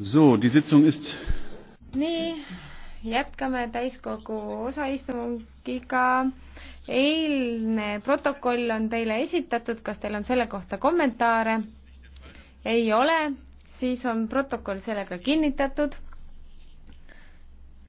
So, die Sitzung ist. nii, jätkame täiskogu osaistungiga. eilne protokoll on teile esitatud, kas teil on selle kohta kommentaare? ei ole, siis on protokoll sellega kinnitatud